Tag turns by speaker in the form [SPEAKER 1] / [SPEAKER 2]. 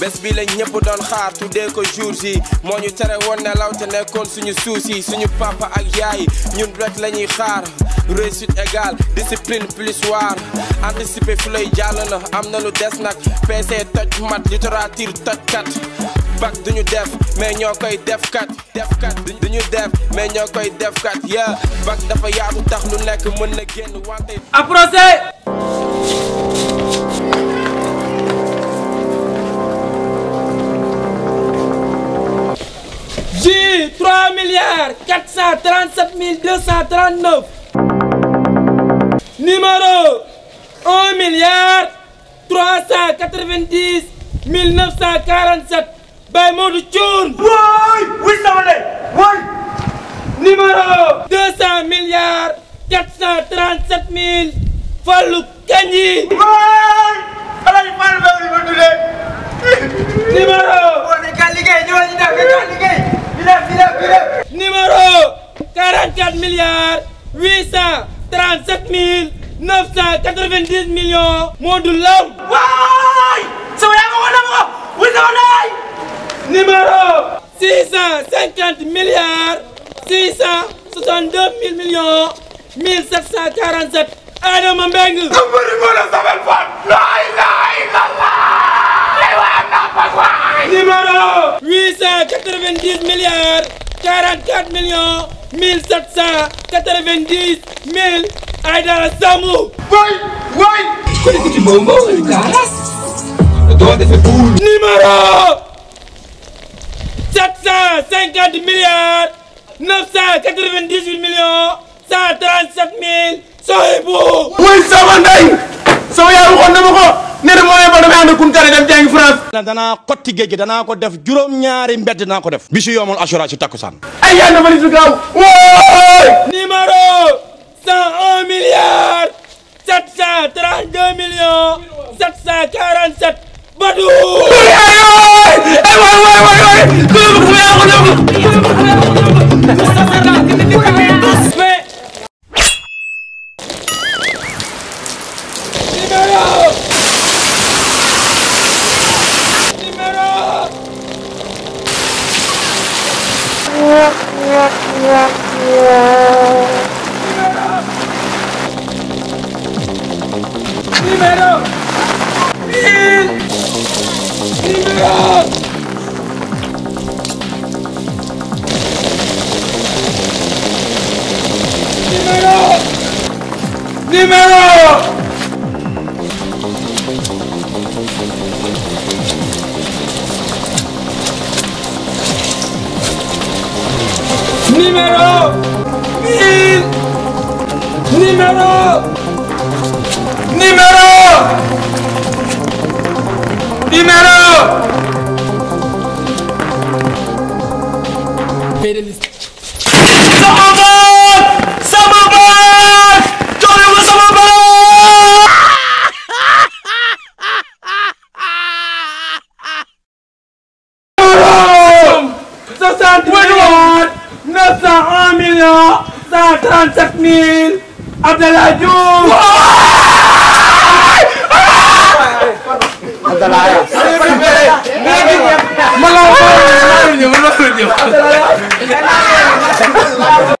[SPEAKER 1] bés bi la ñëpp doon xaar tuddee ko jour ji moo ñu tere woon ne law nekkoon suñu souci suñu papa ak yaay ñun rek la ñuy xaar réussite égale discipline plus waar anticiper fu lay jàll na am na lu des nag PC toj mat littérature toj kat bac duñu def mais ñoo koy def kat def kat duñu def mais ñoo koy def kat ya bac dafa yaatu tax lu nekk mën na génn wante. approché. milliards 437 mille 239 numéro 1 milliard 390 mille 947 Baye Modou Thioune wooy wuy sama de wooy numéro 200 milliards 437 mille Fallou Kandji milliards huit cent trente sept mille neuf cent quatre vingt dix millions Modou Lo. waay sama yaa ko wane ko wuyu sama naay. numéro. six cent cinquante milliards six cent soixante deux mille millions mille sept cent quarante sept Adama Mbengue. numéro. huit cent quatre vingt dix milliards quarante quatre millions. 1790 000 Aïdara Samou. waay waay. ku nekk ci mboobu mboobu ñu gaaras. doo defee poul. numéro 750 milliards 998 millions 137 mille. Sohibou. wuy sama ndey sama yaay waxoon na ma ko. nee na moo yeboo damay ànd ak Kounkandé dem jàngi France. danaa xotti géej danaa ko def juróom-ñaari mbedd danaa ko def. bi si yoomul assurance si takkusaan. ay yàlla dafa li si gaaw. numéro 101 milliards 732 millions 747 Badou. waay waay waay Primero! Primero! Primero! Primero! Numero bir. Numero. Numero. Numero. Veriniz. Sababat! Sababat! Canımı sababat! Numero. Zaten numero. 101 millions 137 mille Abdallah Diouf. Abdallah.